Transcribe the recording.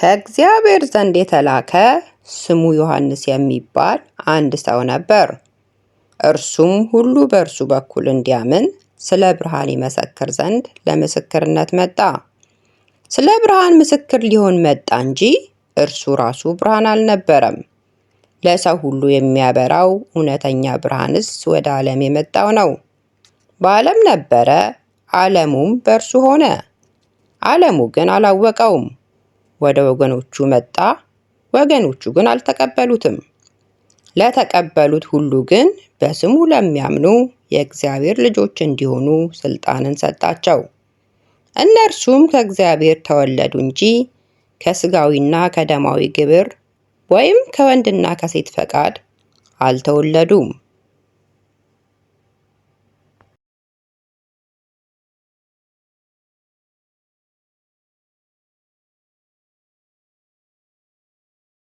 ከእግዚአብሔር ዘንድ የተላከ ስሙ ዮሐንስ የሚባል አንድ ሰው ነበር። እርሱም ሁሉ በእርሱ በኩል እንዲያምን ስለ ብርሃን ይመሰክር ዘንድ ለምስክርነት መጣ። ስለ ብርሃን ምስክር ሊሆን መጣ እንጂ እርሱ ራሱ ብርሃን አልነበረም። ለሰው ሁሉ የሚያበራው እውነተኛ ብርሃንስ ወደ ዓለም የመጣው ነው። በዓለም ነበረ፣ ዓለሙም በእርሱ ሆነ፣ ዓለሙ ግን አላወቀውም። ወደ ወገኖቹ መጣ። ወገኖቹ ግን አልተቀበሉትም። ለተቀበሉት ሁሉ ግን በስሙ ለሚያምኑ የእግዚአብሔር ልጆች እንዲሆኑ ስልጣንን ሰጣቸው። እነርሱም ከእግዚአብሔር ተወለዱ እንጂ ከስጋዊና ከደማዊ ግብር ወይም ከወንድና ከሴት ፈቃድ አልተወለዱም።